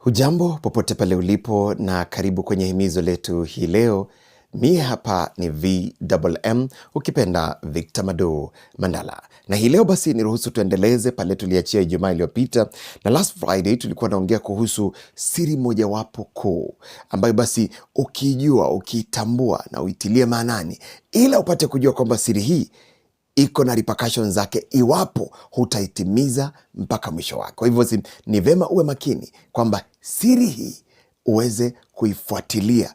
Hujambo popote pale ulipo na karibu kwenye himizo letu hii leo. Mie hapa ni VMM, ukipenda Victor Mado Mandala, na hii leo basi niruhusu tuendeleze pale tuliachia Ijumaa iliyopita, na last Friday tulikuwa naongea kuhusu siri mojawapo kuu ambayo basi ukijua, ukitambua na uitilie maanani, ila upate kujua kwamba siri hii iko na repercussions zake iwapo hutaitimiza mpaka mwisho wake. Kwa hivyo ni vema uwe makini kwamba siri hii uweze kuifuatilia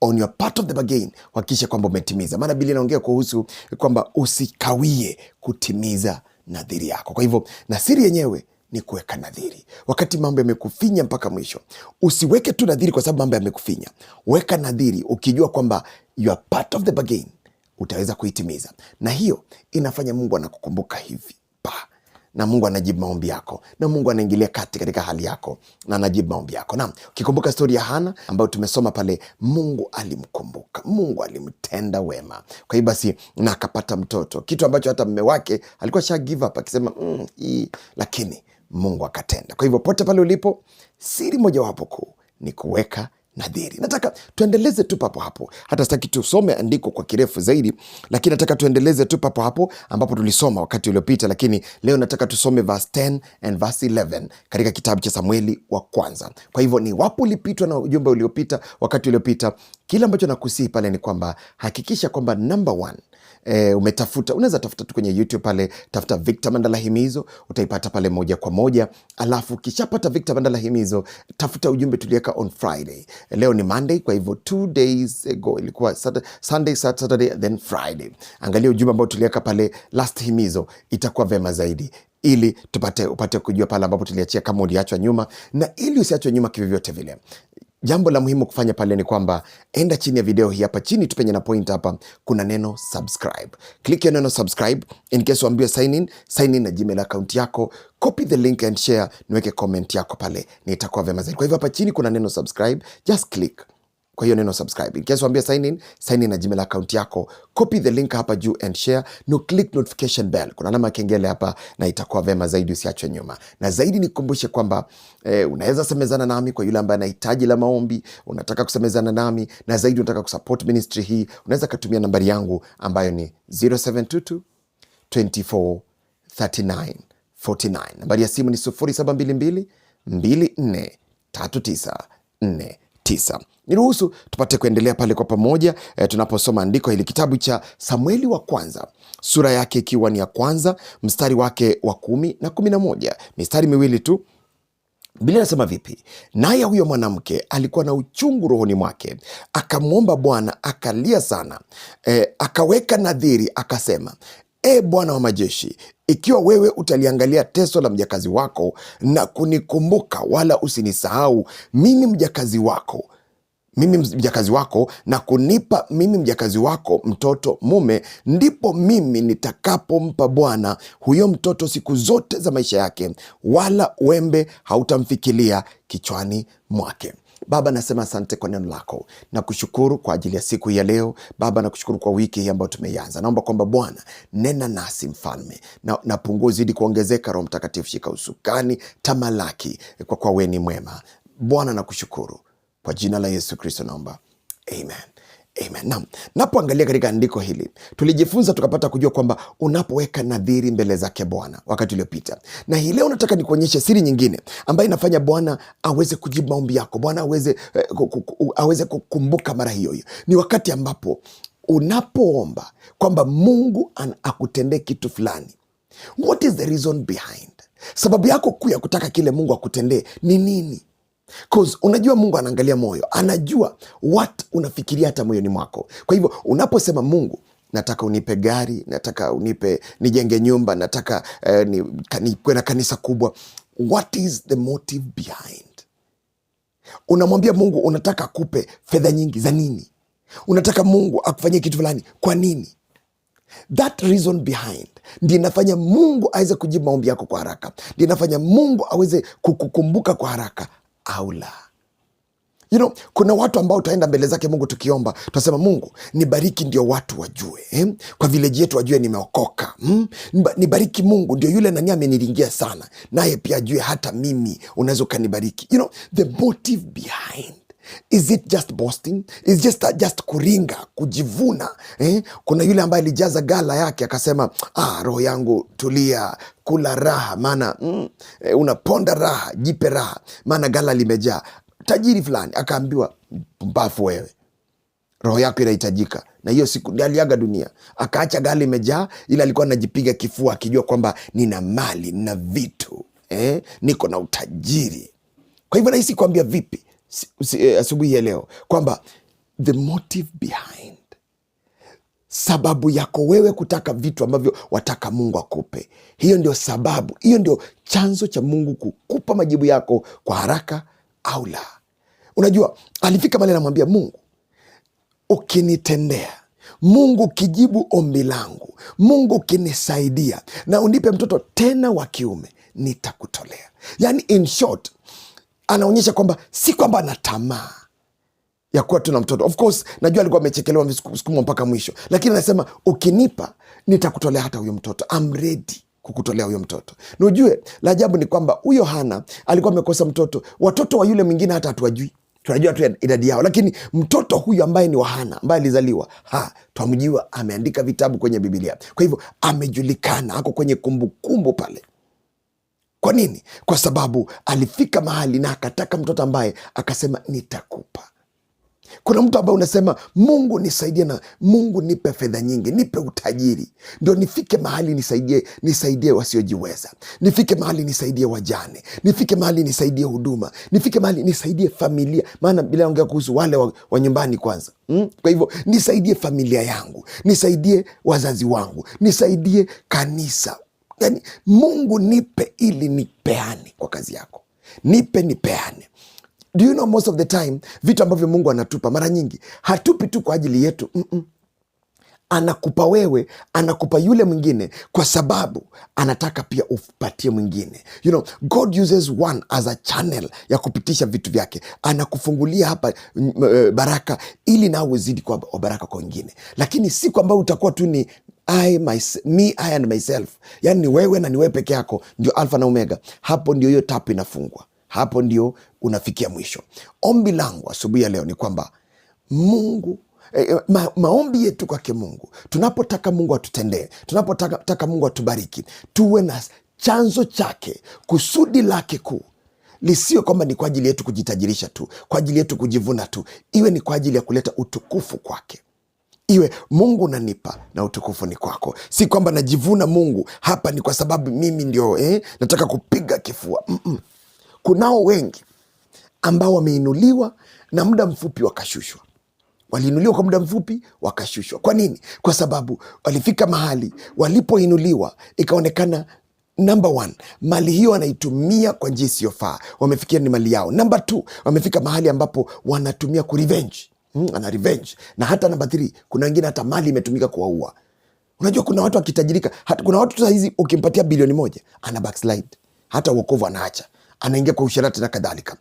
on your part of the bargain, kuhakikisha kwamba umetimiza, maana Biblia inaongea kuhusu kwamba usikawie kutimiza nadhiri yako. Kwa hivyo na siri yenyewe ni kuweka nadhiri. Wakati mambo yamekufinya mpaka mwisho, usiweke tu nadhiri kwa sababu mambo yamekufinya. Weka nadhiri ukijua kwamba you are part of the bargain utaweza kuitimiza. Na hiyo inafanya Mungu anakukumbuka hivi pa na Mungu anajibu maombi yako, na Mungu anaingilia kati katika hali yako na anajibu maombi yako. Na ukikumbuka stori ya Hana ambayo tumesoma pale, Mungu alimkumbuka, Mungu alimtenda wema, kwa hiyo basi na akapata mtoto, kitu ambacho hata mme wake alikuwa sha give up akisema mm, hii, lakini Mungu akatenda. Kwa hivyo pote pale ulipo, siri mojawapo kuu ni kuweka nadhiri. Nataka tuendeleze tu papo hapo, hata sitaki tusome andiko kwa kirefu zaidi, lakini nataka tuendeleze tu papo hapo ambapo tulisoma wakati uliopita, lakini leo nataka tusome verse 10 and verse 11 katika kitabu cha Samueli wa kwanza. Kwa hivyo ni wapo ulipitwa na ujumbe uliopita, wakati uliopita, kile ambacho nakusihi pale ni kwamba hakikisha kwamba number one e, umetafuta unaweza tafuta tu kwenye YouTube pale, tafuta Victor Mandala Himizo utaipata pale moja kwa moja. Alafu ukishapata Victor Mandala Himizo, tafuta ujumbe tuliweka on Friday. Leo ni Monday, kwa hivyo two days ago ilikuwa Sunday, Saturday then Friday. Angalia ujumbe ambao tuliweka pale last himizo, itakuwa vema zaidi ili tupate upate kujua pale ambapo tuliachia, kama uliachwa nyuma, na ili usiachwe nyuma kivyovyote vile. Jambo la muhimu kufanya pale ni kwamba enda chini ya video hii hapa chini tupenye na point hapa, kuna neno subscribe. Click ya neno subscribe in case uambiwe sign in, sign in na Gmail account yako, copy the link and share, niweke comment yako pale, nitakuwa vyema zaidi. Kwa hivyo hapa chini kuna neno subscribe, just click kwa hiyo neno subscribe. In case wambia sign in, sign in na Gmail account yako, copy the link hapa juu and share, no click notification bell. Kuna alama kengele hapa na itakuwa vema zaidi usiachwe nyuma. Na zaidi nikukumbushe kwamba eh, unaweza semezana nami kwa yule ambaye anahitaji la maombi, unataka kusemezana nami na zaidi unataka kusupport ministry hii, unaweza katumia nambari yangu ambayo ni 0722 24 39 Nambari ya simu ni 0722 24 39 49 niruhusu tupate kuendelea pale kwa pamoja e, tunaposoma andiko hili kitabu cha Samueli wa kwanza sura yake ikiwa ni ya kwanza mstari wake wa kumi na kumi na moja mistari miwili tu. Biblia inasema vipi? Naye huyo mwanamke alikuwa na uchungu rohoni mwake, akamwomba Bwana akalia sana e, akaweka nadhiri akasema, E Bwana wa majeshi, ikiwa wewe utaliangalia teso la mjakazi wako na kunikumbuka, wala usinisahau mimi mjakazi wako mimi mjakazi wako na kunipa mimi mjakazi wako mtoto mume, ndipo mimi nitakapompa Bwana huyo mtoto siku zote za maisha yake, wala wembe hautamfikilia kichwani mwake. Baba, nasema asante kwa neno lako, kushukuru kwa ajili ya siku hii ya leo. Baba, kushukuru kwa wiki hii ambayo tumeianza. Naomba kwamba Bwana nena nasi mfalme, na, na punguo zidi kuongezeka. Roho Mtakatifu shika usukani, tamalaki, kwa kwa weni mwema. Bwana nakushukuru kwa jina la Yesu Kristo naomba amen. Amen. napoangalia katika andiko hili tulijifunza tukapata kujua kwamba unapoweka nadhiri mbele zake Bwana wakati uliopita, na hii leo nataka nikuonyeshe siri nyingine ambayo inafanya Bwana aweze kujibu maombi yako, Bwana aweze eh, aweze kukumbuka mara hiyo hiyo. Ni wakati ambapo unapoomba kwamba Mungu akutendee kitu fulani. What is the reason behind? Sababu yako kuu ya kutaka kile Mungu akutendee ni nini? Cause unajua Mungu anaangalia moyo, anajua what unafikiria hata moyoni mwako. Kwa hivyo unaposema Mungu, nataka unipe gari, nataka unipe nijenge nyumba, nataka eh, ni, kwenda kanisa kubwa, what is the motive behind? Unamwambia Mungu unataka akupe fedha nyingi za nini? Unataka Mungu akufanyie kitu fulani kwa nini? That reason behind ndi inafanya Mungu aweze kujibu maombi yako kwa haraka, ndi inafanya Mungu aweze kukukumbuka kwa haraka, au la. You know, kuna watu ambao utaenda mbele zake Mungu tukiomba tutasema Mungu nibariki ndio watu wajue eh? kwa vileji yetu wajue nimeokoka hmm? Nibariki Mungu ndio yule nani ameniringia sana, naye pia ajue hata mimi unaweza ukanibariki. You know, the motive behind Is it just boasting? Is just, uh, just kuringa kujivuna eh? Kuna yule ambaye alijaza gala yake akasema, ah, roho yangu tulia, kula raha maana mm, eh, unaponda raha, jipe raha maana gala limejaa. Tajiri fulani akaambiwa, mpumbavu wewe, roho yako inahitajika. Na hiyo siku aliaga dunia, akaacha gala imejaa, ila alikuwa anajipiga kifua akijua kwamba nina mali nina vitu eh? niko na utajiri. Kwa hivyo nahisi kuambia vipi Eh, asubuhi ya leo kwamba the motive behind sababu yako wewe kutaka vitu ambavyo wataka Mungu akupe, hiyo ndio sababu, hiyo ndio chanzo cha Mungu kukupa majibu yako kwa haraka au la. Unajua, alifika mali, anamwambia Mungu, ukinitendea Mungu, ukijibu ombi langu Mungu, ukinisaidia na unipe mtoto tena wa kiume, nitakutolea. Yani in short anaonyesha kwamba si kwamba ana tamaa ya kuwa tu na mtoto. Of course najua alikuwa amechekelewa msukumo mpaka mwisho, lakini anasema ukinipa, nitakutolea hata huyo mtoto, I'm ready kukutolea huyo mtoto. nujue la ajabu ni kwamba huyo Hana alikuwa amekosa mtoto, watoto wa yule mwingine hata hatuwajui tunajua tu idadi yao, lakini mtoto huyu ambaye ni wa Hana ambaye alizaliwa ha twamjua, ameandika vitabu kwenye bibilia Kwa hivyo amejulikana, ako kwenye kumbukumbu kumbu pale. Kwa nini? Kwa sababu alifika mahali na akataka mtoto ambaye akasema nitakupa. Kuna mtu ambaye unasema Mungu nisaidie, na Mungu nipe fedha nyingi, nipe utajiri, ndo nifike mahali nisaidie, nisaidie wasiojiweza, nifike mahali nisaidie wajane, nifike mahali nisaidie huduma, nifike mahali nisaidie familia. Maana bila ongea kuhusu wale wa, wa nyumbani kwanza mm? Kwa hivyo nisaidie familia yangu, nisaidie wazazi wangu, nisaidie kanisa Yani Mungu nipe ili nipeane kwa kazi yako, nipe nipeane. Do you know most of the time vitu ambavyo Mungu anatupa mara nyingi hatupi tu kwa ajili yetu mm -mm. Anakupa wewe, anakupa yule mwingine kwa sababu anataka pia upatie mwingine. You know, God uses one as a channel ya kupitisha vitu vyake. Anakufungulia hapa mm, eh, baraka ili nawe uzidi kwa baraka kwa wengine, lakini siku ambayo utakuwa tu ni I my, me I and myself, yani ni wewe na ni wewe peke yako, ndio alfa na omega. Hapo ndio hiyo tapu inafungwa, hapo ndio unafikia mwisho. Ombi langu asubuhi ya leo ni kwamba Mungu eh, eh ma, maombi yetu kwake Mungu, tunapotaka Mungu atutendee, tunapotaka Mungu atubariki, tuwe na chanzo chake, kusudi lake kuu lisio kwamba ni kwa ajili yetu kujitajirisha tu, kwa ajili yetu kujivuna tu, iwe ni kwa ajili ya kuleta utukufu kwake iwe Mungu nanipa na utukufu ni kwako. Si kwamba najivuna Mungu hapa ni kwa sababu mimi ndio eh, nataka kupiga kifua mm -mm. Kunao wengi ambao wameinuliwa na muda mfupi wakashushwa, waliinuliwa kwa muda mfupi wakashushwa. Kwa nini? Kwa sababu walifika mahali walipoinuliwa ikaonekana nmb one, mali hiyo wanaitumia kwa njia isiyofaa, wamefikia ni mali yao. Namba two, wamefika mahali ambapo wanatumia kurevenge Hmm, ana revenge. Na hata namba 3 kuna wengine hata mali imetumika kuwaua. Unajua kuna watu akitajirika, hata kuna watu sasa hizi ukimpatia bilioni moja ana backslide, hata uokovu anaacha, anaingia kwa usharati na kadhalika.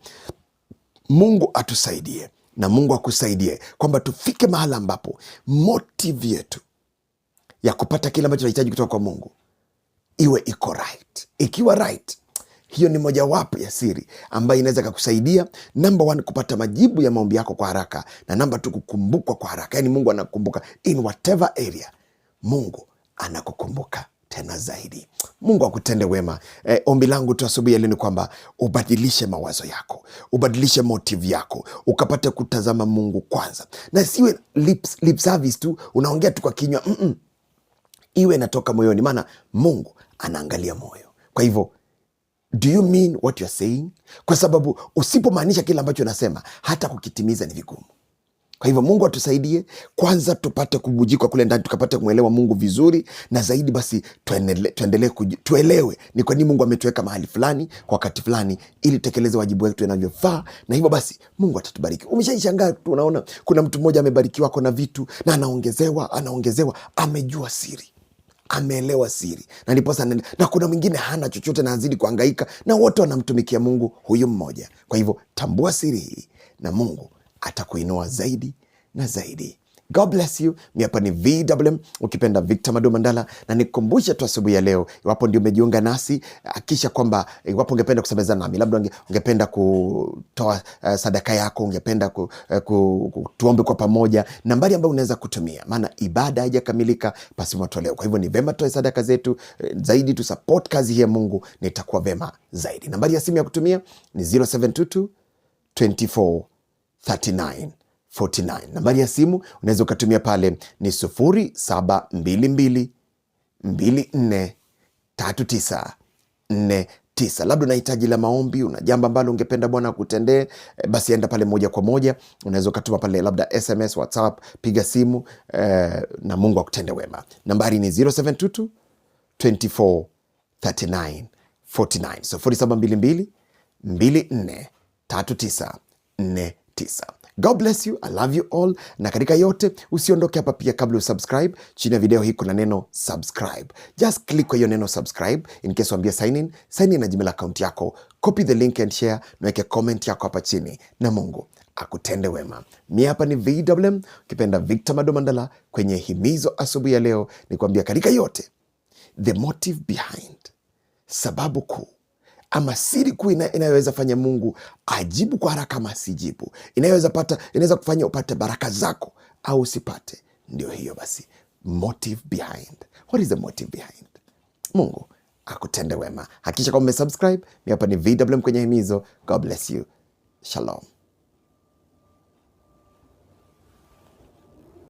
Mungu atusaidie na Mungu akusaidie kwamba tufike mahala ambapo motive yetu ya kupata kile ambacho tunahitaji kutoka kwa Mungu iwe iko right. Ikiwa right hiyo ni mojawapo ya siri ambayo inaweza kakusaidia namba one, kupata majibu ya maombi yako kwa haraka, na namba tu, kukumbukwa kwa haraka. Yani Mungu anakukumbuka in whatever area, Mungu anakukumbuka tena zaidi. Mungu akutende wema. E, ombi langu tu asubuhi ya leo ni kwamba ubadilishe mawazo yako, ubadilishe motive yako, ukapate kutazama Mungu kwanza, na siwe lips, lip service tu, unaongea tu kwa kinywa mm -mm. Iwe inatoka moyoni, maana Mungu anaangalia moyo. Kwa hivyo Do you mean what you're saying? Kwa sababu usipomaanisha kile ambacho unasema hata kukitimiza ni vigumu. Kwa hivyo Mungu atusaidie kwanza, tupate kubujikwa kule ndani, tukapate kumwelewa Mungu vizuri, na zaidi basi tuendelee, tuelewe ni kwa nini Mungu ametuweka mahali fulani kwa wakati fulani, ili tutekeleze wajibu wetu inavyofaa, na hivyo basi Mungu atatubariki. Umeshaishangaa tu, unaona kuna mtu mmoja amebarikiwa, ako na vitu na anaongezewa, anaongezewa, amejua siri ameelewa siri na ndiposa, na kuna mwingine hana chochote na azidi kuangaika, na wote wanamtumikia Mungu huyu mmoja. Kwa hivyo tambua siri hii na Mungu atakuinua zaidi na zaidi. God bless you. Mi hapa ni VMM, ukipenda Victor Mado Mandala, na nikukumbushe tu asubuhi ya leo, iwapo ndio umejiunga nasi, hakisha kwamba iwapo ungependa kusemeza nami, labda ungependa kutoa uh, sadaka yako, ungependa ku, uh, ku, ku, tuombe kwa pamoja, nambari ambayo unaweza kutumia, maana ibada haijakamilika pasi matoleo. Kwa hivyo ni vema tutoe sadaka zetu eh, zaidi, tu support kazi hii ya Mungu, nitakuwa vema zaidi. Nambari ya simu ya kutumia ni 0722 24 39 49. Nambari ya simu unaweza ukatumia pale ni 0722 24 39 tisa. Labda unahitaji la maombi, una jambo ambalo ungependa Bwana akutendee, eh, basi enda pale moja kwa moja. Unaweza ukatuma pale labda SMS, WhatsApp, piga simu eh, na Mungu akutende wema. Nambari ni 0722 24 39 49, 0722 24 39 49. God bless you. I love you all, na katika yote usiondoke hapa pia. Kabla usubscribe, chini ya video hii kuna neno subscribe, just click kwa hiyo neno subscribe. In case waambia sign in, sign in na Gmail account yako, copy the link and share, naweke comment yako hapa chini, na Mungu akutende wema. Mi hapa ni VMM, ukipenda Victor Madomandala. Kwenye himizo asubuhi ya leo ni kuambia katika yote, the motive behind, sababu kuu ama siri kuu inayoweza fanya Mungu ajibu kwa haraka ama asijibu, inayoweza pata, inaweza kufanya upate baraka zako au usipate. Ndio hiyo basi, motive behind. What is the motive behind? Mungu akutende wema. Hakikisha kwamba umesubscribe. Ni hapa ni VMM kwenye himizo. God bless you. Shalom.